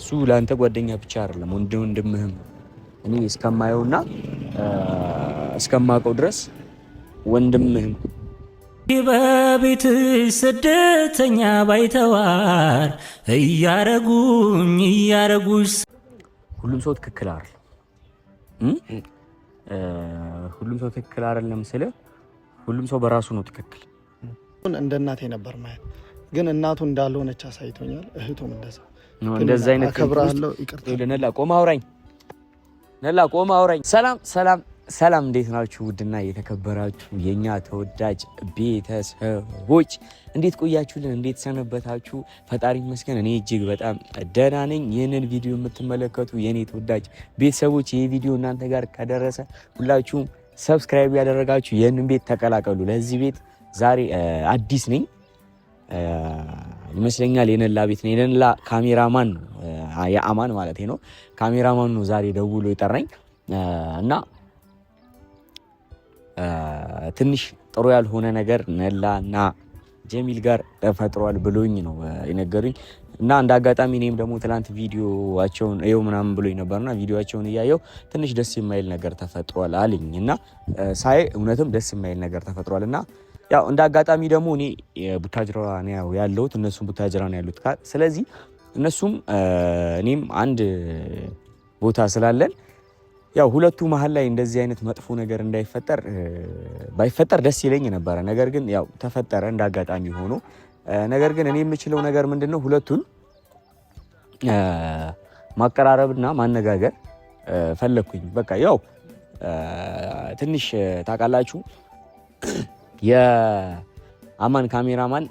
እሱ ለአንተ ጓደኛ ብቻ አይደለም ወንድ ወንድምህም እኔ እስከማየውና እስከማውቀው ድረስ ወንድምህም በቤት ስደተኛ ባይተዋር እያረጉኝ እያረጉሽ ሁሉም ሰው ትክክል አይደለም። ሁሉም ሰው ትክክል አይደለም ስለ ሁሉም ሰው በራሱ ነው ትክክል። እንደ እናቴ ነበር ማየት፣ ግን እናቱ እንዳልሆነች አሳይቶኛል። እህቱም እንደዛ እንደዚህ አይነት አከብራለሁ። ይቅርታ ቆማ አውራኝ ነላ ቆማ አውራኝ። ሰላም ሰላም ሰላም፣ እንዴት ናችሁ? ውድና የተከበራችሁ የኛ ተወዳጅ ቤተሰቦች እንዴት ቆያችሁልን? እንዴት ሰነበታችሁ? ፈጣሪ ይመስገን እኔ እጅግ በጣም ደህና ነኝ። ይህንን ቪዲዮ የምትመለከቱ የእኔ ተወዳጅ ቤተሰቦች ይህ ቪዲዮ እናንተ ጋር ከደረሰ ሁላችሁም ሰብስክራይብ ያደረጋችሁ ይህንን ቤት ተቀላቀሉ። ለዚህ ቤት ዛሬ አዲስ ነኝ ይመስለኛል የነላ ቤት ነው። የነላ ካሜራማን የአማን ማለት ነው። ካሜራማን ነው ዛሬ ደውሎ የጠራኝ እና ትንሽ ጥሩ ያልሆነ ነገር ነላ እና ጀሚል ጋር ተፈጥሯል ብሎኝ ነው የነገሩኝ። እና እንደ አጋጣሚ እኔም ደግሞ ትላንት ቪዲዮቸውን ይኸው ምናምን ብሎኝ ነበርና ቪዲዮቸውን እያየው ትንሽ ደስ የማይል ነገር ተፈጥሯል አለኝ እና ሳይ እውነትም ደስ የማይል ነገር ተፈጥሯል እና ያው እንደ አጋጣሚ ደግሞ እኔ ቡታጅራ ነው ያለሁት፣ እነሱም ቡታጅራ ነው ያሉት። ስለዚህ እነሱም እኔም አንድ ቦታ ስላለን ያው ሁለቱ መሀል ላይ እንደዚህ አይነት መጥፎ ነገር እንዳይፈጠር ባይፈጠር ደስ ይለኝ ነበረ። ነገር ግን ያው ተፈጠረ እንደ አጋጣሚ ሆኖ። ነገር ግን እኔ የምችለው ነገር ምንድን ነው ሁለቱን ማቀራረብና ማነጋገር ፈለግኩኝ። በቃ ያው ትንሽ ታውቃላችሁ የአማን ካሜራማን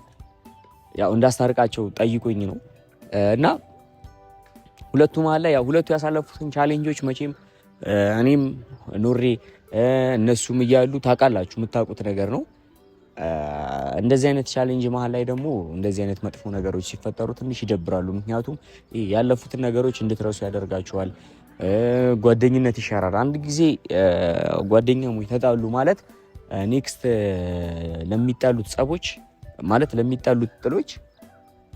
ያው እንዳስታርቃቸው ጠይቆኝ ነው እና ሁለቱ መሀል ላይ ሁለቱ ያሳለፉትን ቻሌንጆች መቼም እኔም ኖሬ እነሱም እያሉ ታውቃላችሁ፣ የምታውቁት ነገር ነው። እንደዚህ አይነት ቻሌንጅ መሀል ላይ ደግሞ እንደዚህ አይነት መጥፎ ነገሮች ሲፈጠሩ ትንሽ ይደብራሉ። ምክንያቱም ያለፉትን ነገሮች እንድትረሱ ያደርጋችኋል። ጓደኝነት ይሻራል። አንድ ጊዜ ጓደኛሞች ተጣሉ ማለት ኔክስት ለሚጣሉት ጸቦች ማለት ለሚጣሉት ጥሎች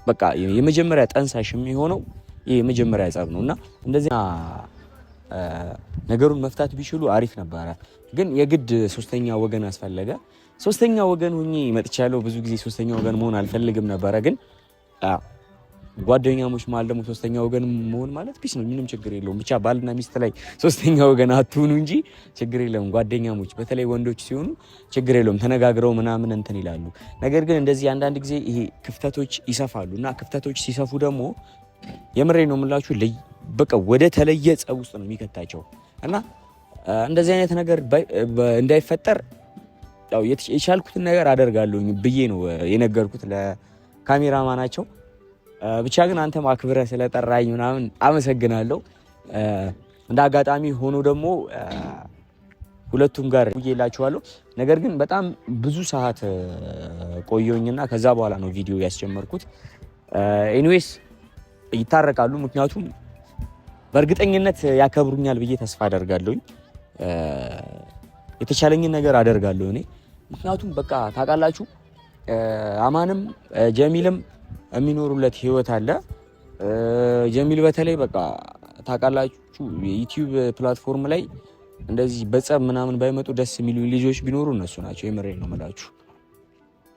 በቃ የመጀመሪያ ጠንሳሽ የሚሆነው ይህ የመጀመሪያ ጸብ ነው እና እንደዚህ ነገሩን መፍታት ቢችሉ አሪፍ ነበረ። ግን የግድ ሶስተኛ ወገን አስፈለገ። ሶስተኛ ወገን ሁኜ መጥቻለሁ። ብዙ ጊዜ ሶስተኛ ወገን መሆን አልፈልግም ነበረ ግን ጓደኛሞች መሀል ደግሞ ሶስተኛ ወገን መሆን ማለት ፒስ ነው። ምንም ችግር የለውም። ብቻ ባልና ሚስት ላይ ሶስተኛ ወገን አትሁኑ እንጂ ችግር የለውም። ጓደኛሞች በተለይ ወንዶች ሲሆኑ ችግር የለውም። ተነጋግረው ምናምን እንትን ይላሉ። ነገር ግን እንደዚህ አንዳንድ ጊዜ ይሄ ክፍተቶች ይሰፋሉ እና ክፍተቶች ሲሰፉ ደግሞ የምሬ ነው የምላችሁ በቃ ወደ ተለየ ጸብ ውስጥ ነው የሚከታቸው እና እንደዚህ አይነት ነገር እንዳይፈጠር ያው የቻልኩትን ነገር አደርጋለሁ ብዬ ነው የነገርኩት ለካሜራማናቸው። ብቻ ግን አንተም ማክብረ ስለጠራኝ ምናምን አመሰግናለሁ። እንደ አጋጣሚ ሆኖ ደግሞ ሁለቱም ጋር ውዬላችኋለሁ። ነገር ግን በጣም ብዙ ሰዓት ቆየኝና ከዛ በኋላ ነው ቪዲዮ ያስጀመርኩት። ኤኒዌይስ ይታረቃሉ። ምክንያቱም በእርግጠኝነት ያከብሩኛል ብዬ ተስፋ አደርጋለሁኝ። የተቻለኝን ነገር አደርጋለሁ እኔ ምክንያቱም በቃ ታውቃላችሁ አማንም ጀሚልም የሚኖሩለት ህይወት አለ። ጀሚል በተለይ በቃ ታውቃላችሁ የዩቲዩብ ፕላትፎርም ላይ እንደዚህ በጸብ ምናምን ባይመጡ ደስ የሚሉ ልጆች ቢኖሩ እነሱ ናቸው። የምሬ ነው የምላችሁ።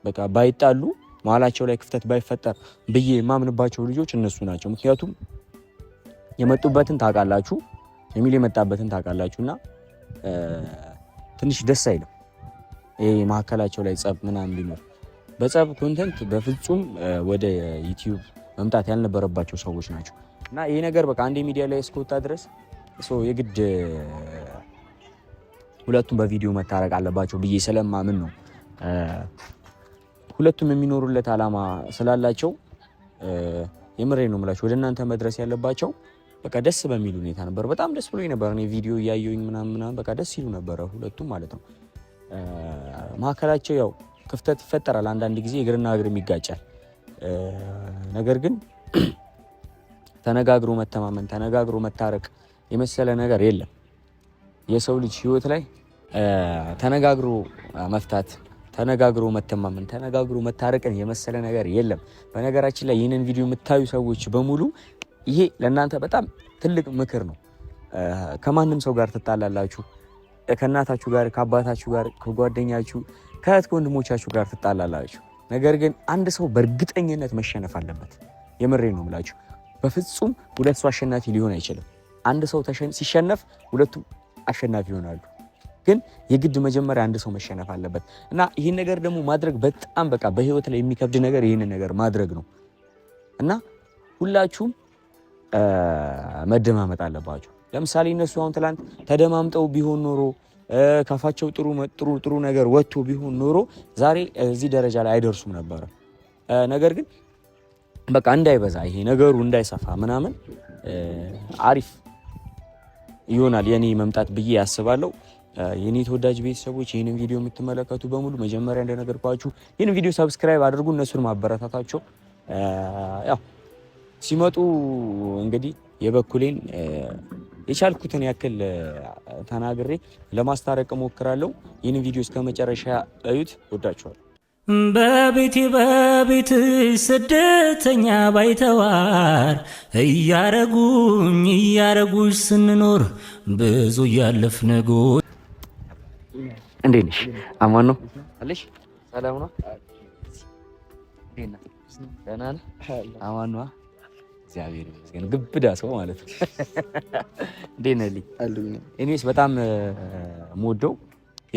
በቃ ባይጣሉ መሀላቸው ላይ ክፍተት ባይፈጠር ብዬ የማምንባቸው ልጆች እነሱ ናቸው። ምክንያቱም የመጡበትን ታውቃላችሁ፣ የሚል የመጣበትን ታውቃላችሁ እና ትንሽ ደስ አይልም ይሄ መሀከላቸው ላይ ጸብ ምናምን ቢኖር በጸብ ኮንተንት በፍጹም ወደ ዩቲዩብ መምጣት ያልነበረባቸው ሰዎች ናቸው እና ይህ ነገር በቃ አንድ ሚዲያ ላይ እስከወጣ ድረስ የግድ ሁለቱም በቪዲዮ መታረቅ አለባቸው ብዬ ስለማምን ነው። ሁለቱም የሚኖሩለት አላማ ስላላቸው የምሬ ነው የምላቸው ወደ እናንተ መድረስ ያለባቸው በቃ ደስ በሚል ሁኔታ ነበር። በጣም ደስ ብሎኝ ነበር እኔ ቪዲዮ እያየሁኝ ምናምን ምናምን በቃ ደስ ይሉ ነበረ ሁለቱም ማለት ነው። መካከላቸው ያው ክፍተት ይፈጠራል። አንዳንድ ጊዜ እግርና እግርም ይጋጫል። ነገር ግን ተነጋግሮ መተማመን፣ ተነጋግሮ መታረቅ የመሰለ ነገር የለም። የሰው ልጅ ህይወት ላይ ተነጋግሮ መፍታት፣ ተነጋግሮ መተማመን፣ ተነጋግሮ መታረቅን የመሰለ ነገር የለም። በነገራችን ላይ ይህንን ቪዲዮ የምታዩ ሰዎች በሙሉ ይሄ ለእናንተ በጣም ትልቅ ምክር ነው። ከማንም ሰው ጋር ትጣላላችሁ፣ ከእናታችሁ ጋር፣ ከአባታችሁ ጋር፣ ከጓደኛችሁ ከእህት ወንድሞቻችሁ ጋር ትጣላላችሁ። ነገር ግን አንድ ሰው በእርግጠኝነት መሸነፍ አለበት። የምሬ ነው የምላችሁ። በፍጹም ሁለት ሰው አሸናፊ ሊሆን አይችልም። አንድ ሰው ሲሸነፍ ሁለቱም አሸናፊ ይሆናሉ። ግን የግድ መጀመሪያ አንድ ሰው መሸነፍ አለበት እና ይህን ነገር ደግሞ ማድረግ በጣም በቃ በህይወት ላይ የሚከብድ ነገር ይህን ነገር ማድረግ ነው እና ሁላችሁም መደማመጥ አለባችሁ። ለምሳሌ እነሱ አሁን ትላንት ተደማምጠው ቢሆን ኖሮ ካፋቸው ጥሩ ጥሩ ጥሩ ነገር ወጥቶ ቢሆን ኖሮ ዛሬ እዚህ ደረጃ ላይ አይደርሱም ነበረ። ነገር ግን በቃ እንዳይበዛ ይሄ ነገሩ እንዳይሰፋ ምናምን አሪፍ ይሆናል የኔ መምጣት ብዬ ያስባለሁ። የኔ ተወዳጅ ቤተሰቦች ይህንን ቪዲዮ የምትመለከቱ በሙሉ መጀመሪያ እንደነገርኳችሁ ይህን ቪዲዮ ሰብስክራይብ አድርጉ። እነሱን ማበረታታቸው ያው ሲመጡ እንግዲህ የበኩሌን የቻልኩትን ያክል ተናግሬ ለማስታረቅ ሞክራለሁ። ይህን ቪዲዮ እስከ መጨረሻ እዩት። ወዳችኋል። በቤቴ በቤት ስደተኛ ባይተዋር እያረጉኝ እያረጉሽ ስንኖር ብዙ እያለፍን ነጎ እንዴት ነሽ? አማን ነው አለሽ? ሰላም ነው? ደህና ነህ? አማን ነዋ እግዚአብሔር ይመስገን። ግብዳ ሰው ማለት ነው። እንዴት ነህ ልኝ? በጣም የምወደው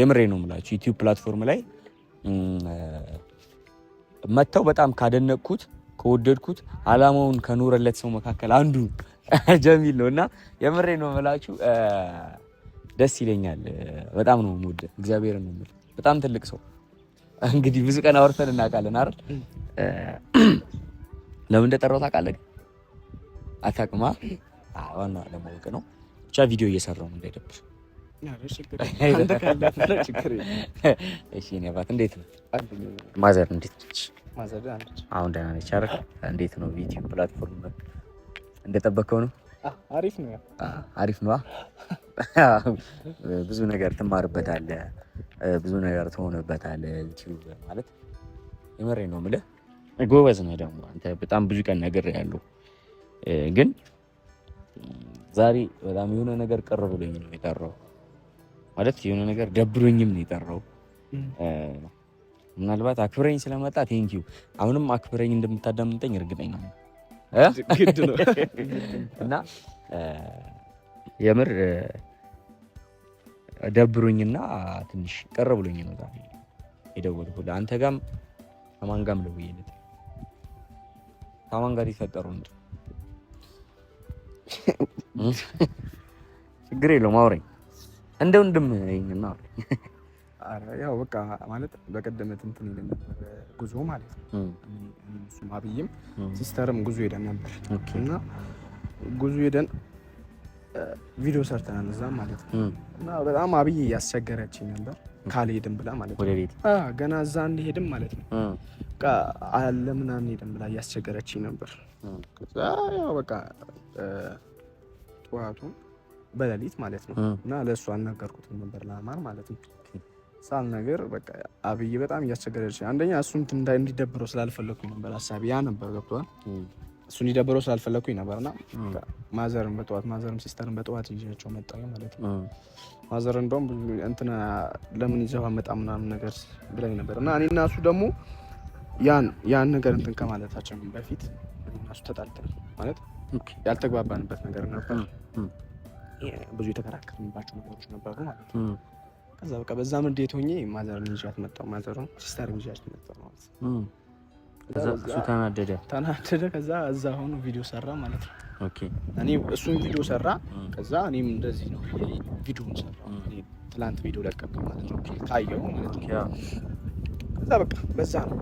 የምሬ ነው የምላችሁ ዩቲዩብ ፕላትፎርም ላይ መጥተው በጣም ካደነቅኩት ከወደድኩት አላማውን ከኖረለት ሰው መካከል አንዱ ጀሚል ነው እና የምሬ ነው የምላችሁ ደስ ይለኛል። በጣም ነው የምወደው እግዚአብሔር ነው የምልህ። በጣም ትልቅ ሰው እንግዲህ ብዙ ቀን አውርተን እናውቃለን አይደል? ለምን እንደጠራው ታውቃለህ? አታቅማ ዋና ለማወቅ ነው። ብቻ ቪዲዮ እየሰራው እንዳይደብር። እሺ አባት እንዴት ነው ማዘር? እንዴት ነች? አሁን ደህና ነች። አረ እንዴት ነው ቪዲዮ ፕላትፎርም እንደጠበቀው ነው? አሪፍ ነው አሪፍ ነው። ብዙ ነገር ትማርበታለህ፣ ብዙ ነገር ትሆንበታለህ። ዩቲዩብ ማለት የመሬ ነው የምልህ። ጎበዝ ነህ ደግሞ አንተ። በጣም ብዙ ቀን ነገር ያለው ግን ዛሬ በጣም የሆነ ነገር ቅር ብሎኝ ነው የጠራው። ማለት የሆነ ነገር ደብሮኝም ነው የጠራው። ምናልባት አክብረኝ ስለመጣ ቴንኪው። አሁንም አክብረኝ እንደምታዳምጠኝ እርግጠኛ ነው እና የምር ደብሮኝና ትንሽ ቅር ብሎኝ ነው ዛሬ የደወልኩልህ። አንተ ጋም ከማን ጋም ደውዬለት ከማን ጋር የፈጠረው ችግር የለውም አውረኝ፣ እንደ ወንድም ይኝና ያው በቃ ማለት በቀደም እንትን ሄደን ነበር ጉዞ ማለት ነው። እሱም አብይም ሲስተርም ጉዞ ሄደን ነበር እና ጉዞ ሄደን ቪዲዮ ሰርተናል እዛም ማለት ነው እና በጣም አብይ እያስቸገረችኝ ነበር ካልሄድም ብላ ማለት ነው። ገና እዛ እንሄድም ማለት ነው አለ ምናምን ሄድም ብላ እያስቸገረችኝ ነበር። ያው በቃ ጠዋቱ በሌሊት ማለት ነው። እና ለእሱ አልነገርኩትም ነበር ለአማር ማለት ነው። ሳልነግር በቃ አብይ በጣም እያስቸገረች አንደኛ እሱን እንዲደብረው ስላልፈለግኩኝ ነበር ሀሳቢ ያ ነበር ገብቷል። እሱ እንዲደብረው ስላልፈለግኩኝ ነበርና ማዘርን በጠዋት ማዘርም ሲስተርን በጠዋት ይዣቸው መጣ ማለት ነው። ማዘር እንደውም ብዙ እንትና ለምን ይዘው መጣ ምናምን ነገር ብላኝ ነበር እና እኔ እና እሱ ደግሞ ያን ያን ነገር እንትን ከማለታችን በፊት እና እሱ ተጣልተን ማለት ነው ያልተግባባንበት ነገር ነበር። ብዙ የተከራከርንባቸው ነገሮች ነበሩ ማለት ነው። ከዛ በቃ በዛ ምንዴት ሆኜ ማዘርን ይዣት መጣሁ። ማዘርን ሲስተር ይዣት መጣው ማለት ነው። እሱ ተናደደ ተናደደ። ከዛ እዛ ሆኖ ቪዲዮ ሰራ ማለት ነው። እኔ እሱን ቪዲዮ ሰራ። ከዛ እኔም እንደዚህ ነው ቪዲዮን ሰራ። ትላንት ቪዲዮ ለቀቀ ማለት ነው። ታየው ማለት ነው። ከዛ በቃ በዛ ነው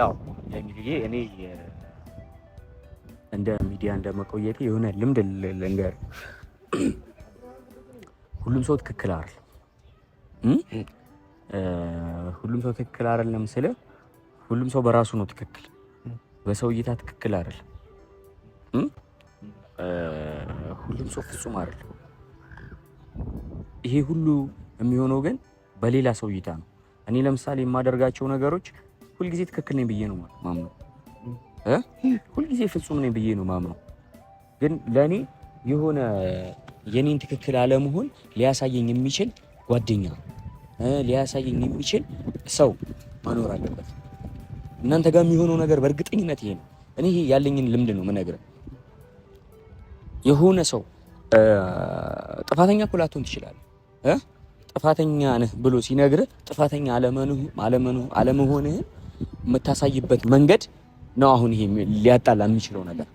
ያው ያን ጊዜ እኔ እንደ ሚዲያ እንደ መቆየት የሆነ ልምድ ልንገር፣ ሁሉም ሰው ትክክል አይደል። ሁሉም ሰው ትክክል አይደለም ስለ ሁሉም ሰው በራሱ ነው ትክክል፣ በሰው እይታ ትክክል አይደል። ሁሉም ሰው ፍጹም አይደል። ይሄ ሁሉ የሚሆነው ግን በሌላ ሰው እይታ ነው። እኔ ለምሳሌ የማደርጋቸው ነገሮች ሁልጊዜ ትክክል ነኝ ብዬ ነው ማለት ማምነው ሁልጊዜ ፍጹም ነኝ ብዬ ነው ማምነው። ግን ለእኔ የሆነ የኔን ትክክል አለመሆን ሊያሳየኝ የሚችል ጓደኛ ሊያሳየኝ የሚችል ሰው መኖር አለበት። እናንተ ጋር የሚሆነው ነገር በእርግጠኝነት ይሄ ነው። እኔ ይሄ ያለኝን ልምድ ነው የምነግርህ። የሆነ ሰው ጥፋተኛ እኮ ላትሆን ትችላለህ እ ጥፋተኛ ነህ ብሎ ሲነግርህ ጥፋተኛ አለመሆንህን የምታሳይበት መንገድ ነው አሁን ይሄ ሊያጣላ የሚችለው ነገር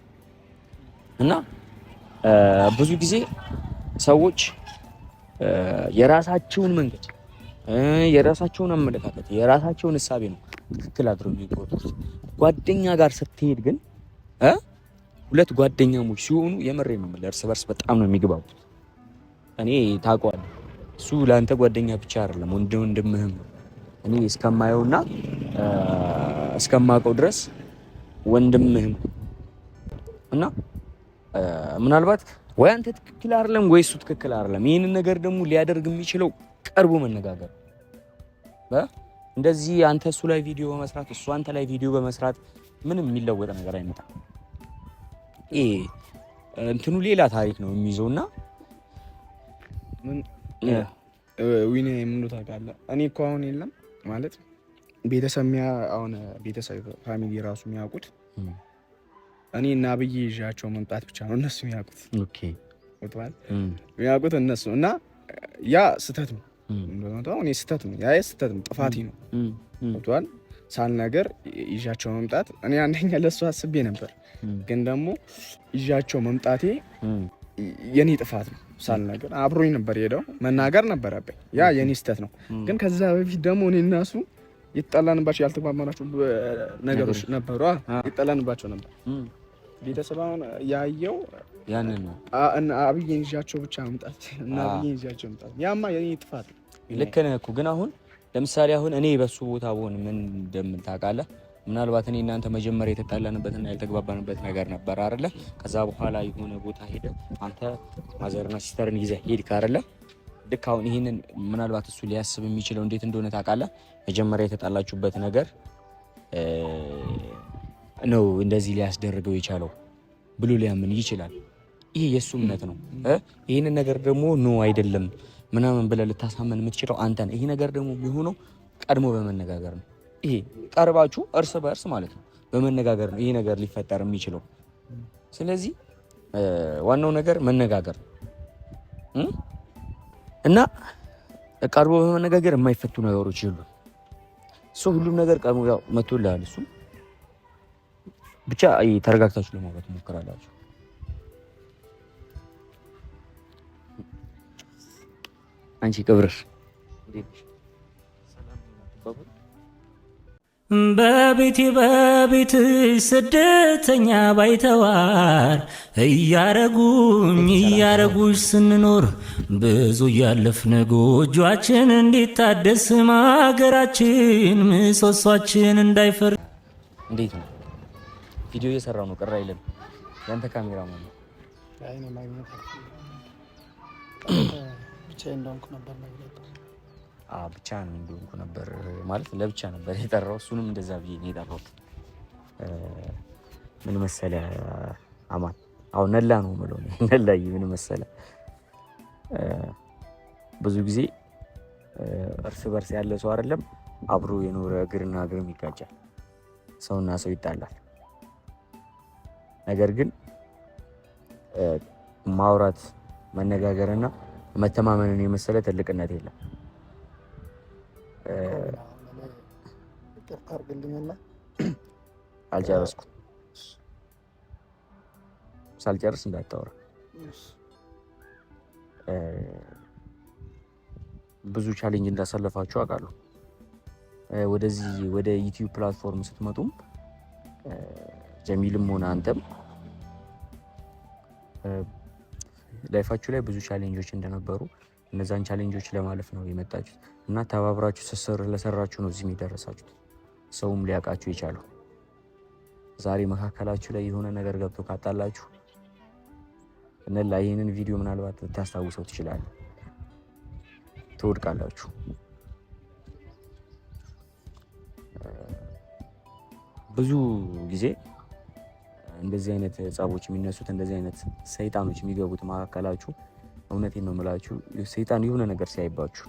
እና ብዙ ጊዜ ሰዎች የራሳቸውን መንገድ የራሳቸውን አመለካከት የራሳቸውን እሳቤ ነው ትክክል አድርገው የሚቆጥሩት። ጓደኛ ጋር ስትሄድ ግን ሁለት ጓደኛሞች ሲሆኑ የመሬ ነው የምልህ፣ እርስ በርስ በጣም ነው የሚግባቡት። እኔ ታውቀዋለህ፣ እሱ ለአንተ ጓደኛ ብቻ አይደለም ወንድም ወንድምህም እኔ እስከማየውና እስከማውቀው ድረስ ወንድምህም እና ምናልባት ወይ አንተ ትክክል አይደለም ወይ እሱ ትክክል አይደለም። ይህንን ነገር ደግሞ ሊያደርግ የሚችለው ቀርቦ መነጋገር፣ እንደዚህ አንተ እሱ ላይ ቪዲዮ በመስራት እሱ አንተ ላይ ቪዲዮ በመስራት ምንም የሚለወጥ ነገር አይመጣም። ይሄ እንትኑ ሌላ ታሪክ ነው የሚይዘው እና ዊኔ ምን ታውቃለህ? እኔ እኮ አሁን የለም ማለት ቤተሰብ አሁን ቤተሰብ ፋሚሊ ራሱ የሚያውቁት እኔ እና ብዬ ይዣቸው መምጣት ብቻ ነው እነሱ የሚያውቁት የሚያውቁት እነሱ እና ያ ስህተት ነው። እኔ ስህተት ነው ያ ስህተት ነው ጥፋቴ ነው ሳል ነገር ይዣቸው መምጣት እኔ አንደኛ ለእሱ አስቤ ነበር፣ ግን ደግሞ ይዣቸው መምጣቴ የኔ ጥፋት ነው። ነገር አብሮኝ ነበር ሄደው መናገር ነበረብኝ። ያ የኔ ስህተት ነው። ግን ከዛ በፊት ደግሞ እኔ እናሱ የተጣላንባቸው ያልተግባባናቸው ነገሮች ነበሩ። ይጣላንባቸው ነበር። ቤተሰብ አሁን ያየው ያንን ነው። አብዬን ይዣቸው ብቻ መምጣት እና አብዬን ይዣቸው መምጣት ያማ የኔ ጥፋት ልክ ነህ እኮ ግን አሁን ለምሳሌ አሁን እኔ በሱ ቦታ ብሆን ምን እንደምታውቃለህ ምናልባት እኔ እናንተ መጀመሪያ የተጣላንበትና ያልተግባባንበት ነገር ነበር አይደለ? ከዛ በኋላ የሆነ ቦታ ሄደ አንተ ማዘርና ሲስተርን ይዘህ ሄድክ አይደለ? ልክ አሁን ይህንን ምናልባት እሱ ሊያስብ የሚችለው እንዴት እንደሆነ ታውቃለህ? መጀመሪያ የተጣላችሁበት ነገር ነው እንደዚህ ሊያስደርገው የቻለው ብሎ ሊያምን ይችላል። ይህ የእሱ እምነት ነው። ይህንን ነገር ደግሞ ኖ አይደለም ምናምን ብለህ ልታሳመን የምትችለው አንተ ነህ። ይህ ነገር ደግሞ የሚሆነው ቀድሞ በመነጋገር ነው። ይሄ ቀርባችሁ እርስ በእርስ ማለት ነው በመነጋገር ነው ይሄ ነገር ሊፈጠር የሚችለው። ስለዚህ ዋናው ነገር መነጋገር ነው። እና ቀርቦ በመነጋገር የማይፈቱ ነገሮች የሉም። ሰው ሁሉም ነገር ቀርቦ ላል እሱ ብቻ ተረጋግታችሁ ለማውራት ሞክራላችሁ። አንቺ ቅብርር በቤቴ በቤትሽ ስደተኛ ባይተዋር እያረጉኝ እያረጉሽ ስንኖር ብዙ እያለፍን ጎጇችን እንዲታደስ ማገራችን ምሰሷችን እንዳይፈር። እንዴት ነው? ቪዲዮ እየሰራው ነው። ቅር አይልም። ያንተ ካሜራ ነው። ብቻዬን እንደሆንኩ ነበር ብቻ ነው እንደሆንኩ ነበር ማለት ለብቻ ነበር የጠራው። እሱንም እንደዛ ብዬ ነው የጠራሁት። ምን መሰለ አማን፣ አዎ ነላ ነው ምለ ነላ። ምን መሰለ ብዙ ጊዜ እርስ በርስ ያለ ሰው አይደለም አብሮ የኖረ እግርና እግርም ይጋጫል፣ ሰውና ሰው ይጣላል። ነገር ግን ማውራት መነጋገርና መተማመንን የመሰለ ትልቅነት የለም። ይቅርታ አድርግልኝና አልጨረስኩም። ሳልጨርስ እንዳታወራ። ብዙ ቻሌንጅ እንዳሳለፋችሁ አውቃለሁ። ወደዚህ ወደ ዩቲዩብ ፕላትፎርም ስትመጡም ጀሚልም ሆነ አንተም ላይፋችሁ ላይ ብዙ ቻሌንጆች እንደነበሩ እነዛን ቻሌንጆች ለማለፍ ነው የመጣችሁት እና ተባብራችሁ ስስር ለሰራችሁ ነው እዚህ የደረሳችሁት ሰውም ሊያውቃችሁ የቻለው። ዛሬ መካከላችሁ ላይ የሆነ ነገር ገብቶ ካጣላችሁ እነላ ይህንን ቪዲዮ ምናልባት ልታስታውሰው ትችላለ። ትወድቃላችሁ። ብዙ ጊዜ እንደዚህ አይነት ጸቦች የሚነሱት እንደዚህ አይነት ሰይጣኖች የሚገቡት መካከላችሁ እውነቴን ነው የምላችሁ፣ ሰይጣን የሆነ ነገር ሲያይባችሁ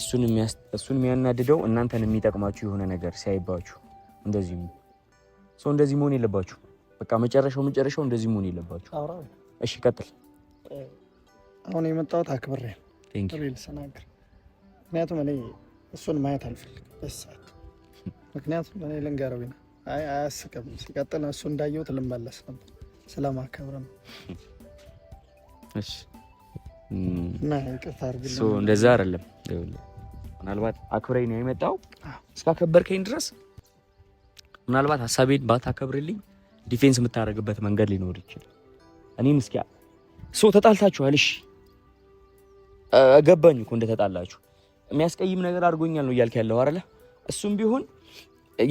እሱን የሚያናድደው እናንተን የሚጠቅማችሁ የሆነ ነገር ሲያይባችሁ እንደዚህ ሰው እንደዚህ መሆን የለባችሁ። በቃ መጨረሻው መጨረሻው እንደዚህ መሆን የለባችሁ። እሺ ቀጥል። አሁን የመጣሁት አክብሬ ምክንያቱም እኔ እሱን ማየት አልፈልግም በሰዓት ምክንያቱም እኔ ልንገረው አያስቅም። ሲቀጥል እሱ እንዳየሁት ልመለስ ነበር ስለማከብር ነው። እንደዛ አይደለም። ምናልባት አክብረኝ ነው የመጣው። እስካከበርከኝ ድረስ ምናልባት ሀሳቤን ባታከብርልኝ ዲፌንስ የምታደርግበት መንገድ ሊኖር ይችላል። እኔም እስኪ ሶ ተጣልታችኋል። እሺ ገባኝ እኮ እንደተጣላችሁ የሚያስቀይም ነገር አድርጎኛል ነው እያልክ ያለው አረለ እሱም ቢሆን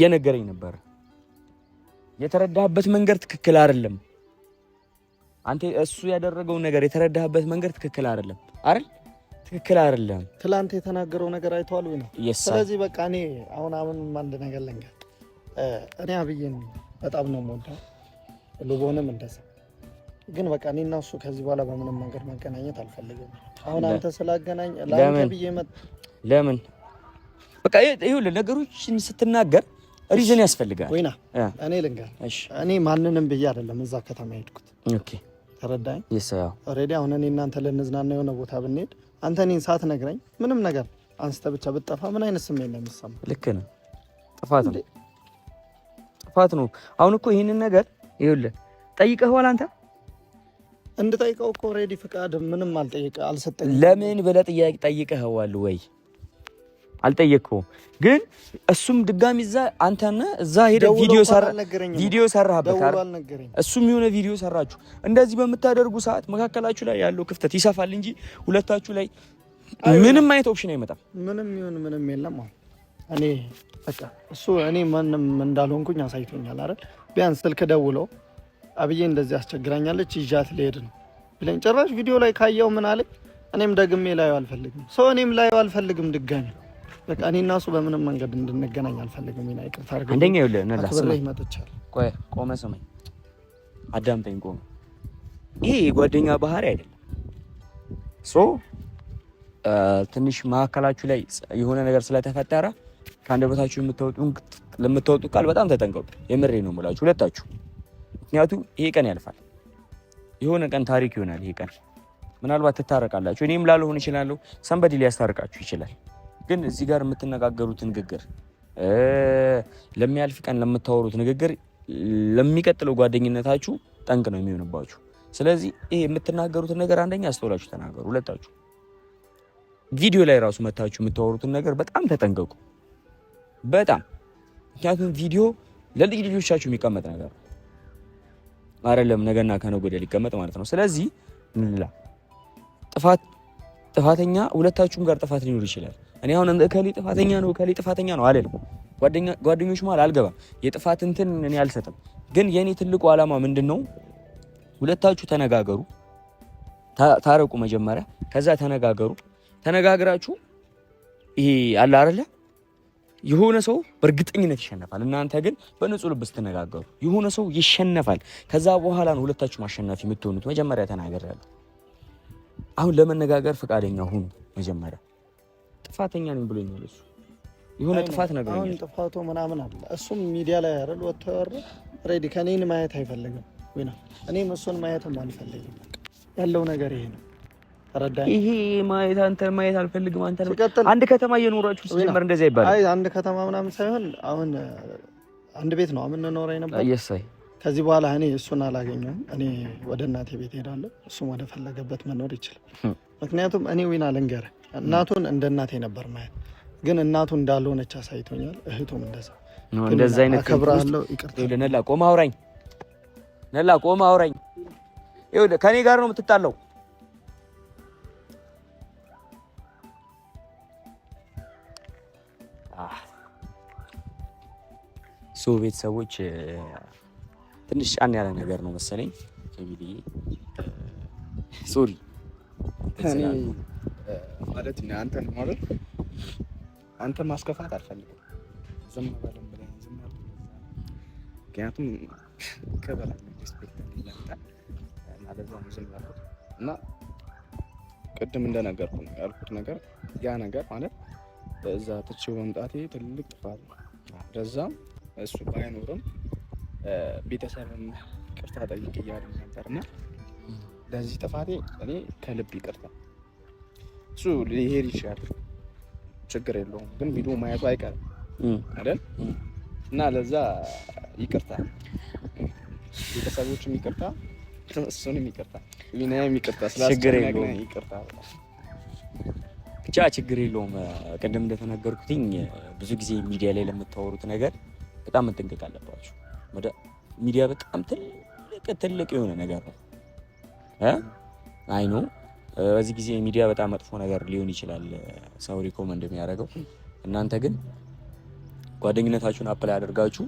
የነገረኝ ነበረ። የተረዳህበት መንገድ ትክክል አይደለም። አንተ እሱ ያደረገውን ነገር የተረዳህበት መንገድ ትክክል አይደለም አይደል? ትክክል አይደለም። ትላንት የተናገረው ነገር አይተዋል ወይ ነው? ስለዚህ በቃ እኔ አሁን አሁን አንድ ነገር ለንገር፣ እኔ አብይን በጣም ነው የምወደው፣ ልቦንም እንደዛ። ግን በቃ እኔ እና እሱ ከዚህ በኋላ በምንም መንገድ መገናኘት አልፈልግም። አሁን አንተ ስላገናኝ ለአንተ ብዬ መጥ ለምን በቃ ይኸውልህ ነገሮችን ስትናገር ሪዝን ያስፈልጋል ወይና። እኔ ልንገር፣ እኔ ማንንም ብዬ አይደለም እዛ ከተማ ሄድኩት። ኦኬ ተረዳኝ። ኦልሬዲ አሁን እኔ እናንተ ልንዝናና የሆነ ቦታ ብንሄድ አንተ እኔን ሳትነግረኝ ምንም ነገር አንስተ ብቻ ብጠፋ ምን አይነት ስሜት ነው ልክ ነው። ጥፋት ነው፣ ጥፋት ነው። አሁን እኮ ይህንን ነገር ይኸውልህ ጠይቀኸዋል አንተ እንድጠይቀው እኮ ኦልሬዲ ፍቃድ ምንም አልጠይቀ አልሰጠኝ። ለምን ብለህ ጥያቄ ጠይቀኸዋል ወይ? አልጠየቅከውም ግን እሱም ድጋሚ እዛ አንተነ እዛ ሄደ ቪዲዮ ሰራህበት። እሱም የሆነ ቪዲዮ ሰራችሁ። እንደዚህ በምታደርጉ ሰዓት መካከላችሁ ላይ ያለው ክፍተት ይሰፋል እንጂ ሁለታችሁ ላይ ምንም አይነት ኦፕሽን አይመጣም። ምንም ይሁን ምንም የለም። እኔ በቃ እሱ እኔ ምንም እንዳልሆንኩኝ አሳይቶኛል አይደል? ቢያንስ ስልክ ደውለው አብዬ እንደዚህ አስቸግራኛለች ይዣት ልሄድ ነው ብለኝ ጭራሽ ቪዲዮ ላይ ካየው ምን አለኝ? እኔም ደግሜ ላዩ አልፈልግም ሰው እኔም ላዩ አልፈልግም ድጋሚ በቃ እኔ እና እሱ በምንም መንገድ እንድንገናኝ አልፈልግም። ይና ይቅርታ አድርገው። አንደኛ ይኸውልህ ነላ ስመኝ ቆይ ቆመህ ስመኝ፣ አዳምጠኝ፣ ቆመ። ይሄ የጓደኛ ባህሪ አይደለም። ሶ ትንሽ መካከላችሁ ላይ የሆነ ነገር ስለተፈጠረ ከአንደበታችሁ ለምትወጡ ቃል በጣም ተጠንቀቁ። የምሬ ነው የምላችሁ ሁለታችሁ። ምክንያቱም ይሄ ቀን ያልፋል። የሆነ ቀን ታሪክ ይሆናል። ይሄ ቀን ምናልባት ትታረቃላችሁ። እኔም ላልሆን ይችላለሁ። ሰንበዲ ሊያስታርቃችሁ ይችላል። ግን እዚህ ጋር የምትነጋገሩት ንግግር ለሚያልፍ ቀን ለምታወሩት ንግግር ለሚቀጥለው ጓደኝነታችሁ ጠንቅ ነው የሚሆንባችሁ። ስለዚህ ይሄ የምትናገሩትን ነገር አንደኛ አስተውላችሁ ተናገሩ። ሁለታችሁ ቪዲዮ ላይ ራሱ መታችሁ የምታወሩትን ነገር በጣም ተጠንቀቁ። በጣም ምክንያቱም ቪዲዮ ለልጅ ልጆቻችሁ የሚቀመጥ ነገር አይደለም፣ ነገና ከነገ ወዲያ ሊቀመጥ ማለት ነው። ስለዚህ ምንላ ጥፋት ጥፋተኛ ሁለታችሁም ጋር ጥፋት ሊኖር ይችላል። እኔ አሁን እከሌ ጥፋተኛ ነው እከሌ ጥፋተኛ ነው አልልም። ጓደኞች መሃል አልገባም። የጥፋት እንትን እኔ አልሰጥም። ግን የእኔ ትልቁ ዓላማ ምንድን ነው? ሁለታችሁ ተነጋገሩ፣ ታረቁ መጀመሪያ፣ ከዛ ተነጋገሩ። ተነጋግራችሁ ይሄ አለ አይደለ የሆነ ሰው በእርግጠኝነት ይሸነፋል። እናንተ ግን በንጹህ ልብ ስትነጋገሩ የሆነ ሰው ይሸነፋል። ከዛ በኋላ ነው ሁለታችሁ ማሸነፍ የምትሆኑት። መጀመሪያ ተናገር ያለው አሁን ለመነጋገር ፈቃደኛ ሁኑ። መጀመሪያ ጥፋተኛ ነኝ ብሎኛል እሱ የሆነ ጥፋት ነገር አሁን ጥፋቱ ምናምን አለ። እሱም ሚዲያ ላይ አይደል ወጥቶ ያወራ ሬዲ ከኔን ማየት አይፈልግም ወይ ነው እኔም እሱን ማየትም አልፈልግም። ያለው ነገር ይሄ ነው። ይሄ ማየት አንተ ማየት አልፈልግም አንተ አንድ ከተማ እየኖራችሁ ሲጀመር እንደዚህ ይባላል። አይ አንድ ከተማ ምናምን ሳይሆን አሁን አንድ ቤት ነው የምንኖረው ነበር። ከዚህ በኋላ እኔ እሱን አላገኘውም። እኔ ወደ እናቴ ቤት ሄዳለሁ፣ እሱም ወደ ፈለገበት መኖር ይችላል። ምክንያቱም እኔ ዊና ልንገርህ፣ እናቱን እንደ እናቴ ነበር ማየት፣ ግን እናቱ እንዳልሆነች አሳይቶኛል። እህቱም እንደዛ እንደዛ አይነት ከብራለው። ይቅርታ ነላ፣ ቆም አውራኝ፣ ነላ ቆም አውራኝ። ይኸውልህ ከእኔ ጋር ነው የምትጣለው። ሶ ቤተሰቦች ትንሽ ጫን ያለ ነገር ነው መሰለኝ። ፋሚሊ ሶሪ ማለት አንተ ማለት አንተ ማስከፋት አልፈልግም። ዝም በለም ብለህ ዝም አልኩ። ምክንያቱም ከበላ ሪስፔክት ዝም ያልኩት እና ቅድም እንደነገርኩ ያልኩት ነገር ያ ነገር ማለት እዛ ትቼው መምጣቴ ትልቅ ጥፋት ነው። ለዛም እሱ ባይኖርም ቤተሰብም ቅርታ ጠይቅ እያሉ ነበር እና ለዚህ ጥፋቴ እኔ ከልብ ይቅርታ። እሱ ሊሄድ ይችላል ችግር የለውም፣ ግን ቪዲዮ ማየቱ አይቀርም አይደል? እና ለዛ ይቅርታ፣ ቤተሰቦችም ይቅርታ፣ እሱንም ይቅርታ፣ ሊናያም ይቅርታ፣ ስላስቸገረኝ ይቅርታ። ብቻ ችግር የለውም። ቅድም እንደተናገርኩትኝ ብዙ ጊዜ ሚዲያ ላይ ለምታወሩት ነገር በጣም መጠንቀቅ አለባቸው። ሚዲያ በጣም ትልቅ ትልቅ የሆነ ነገር ነው። አይኖ በዚህ ጊዜ ሚዲያ በጣም መጥፎ ነገር ሊሆን ይችላል ሰው ሪኮመንድ የሚያደርገው። እናንተ ግን ጓደኝነታችሁን አፕላይ አድርጋችሁ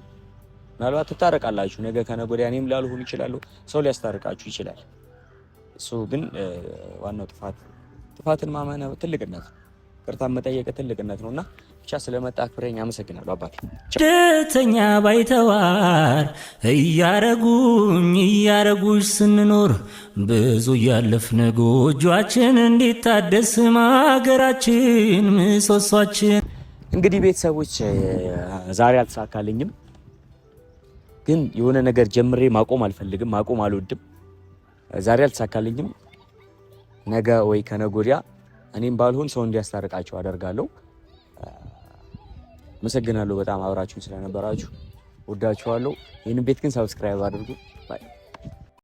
ምናልባት ትታረቃላችሁ። ነገ ከነገ ወዲያ እኔም ላልሆን ይችላሉ፣ ሰው ሊያስታርቃችሁ ይችላል። እሱ ግን ዋናው ጥፋት ጥፋትን ማመን ትልቅነት፣ ቅርታን መጠየቅ ትልቅነት ነው እና ብቻ ስለመጣ አክብረኝ አመሰግናለሁ አባቴ። ደተኛ ባይተዋር እያረጉኝ እያረጉሽ ስንኖር ብዙ እያለፍን ጎጇችን እንዲታደስ ሀገራችን ምሰሷችን። እንግዲህ ቤተሰቦች ዛሬ አልተሳካልኝም፣ ግን የሆነ ነገር ጀምሬ ማቆም አልፈልግም፣ ማቆም አልወድም። ዛሬ አልተሳካልኝም፣ ነገ ወይ ከነጎዲያ እኔም ባልሆን ሰው እንዲያስታርቃቸው አደርጋለሁ። አመሰግናለሁ በጣም አብራችሁ ስለነበራችሁ። ወዳችኋለሁ። ይህን ቤት ግን ሰብስክራይብ አድርጉ።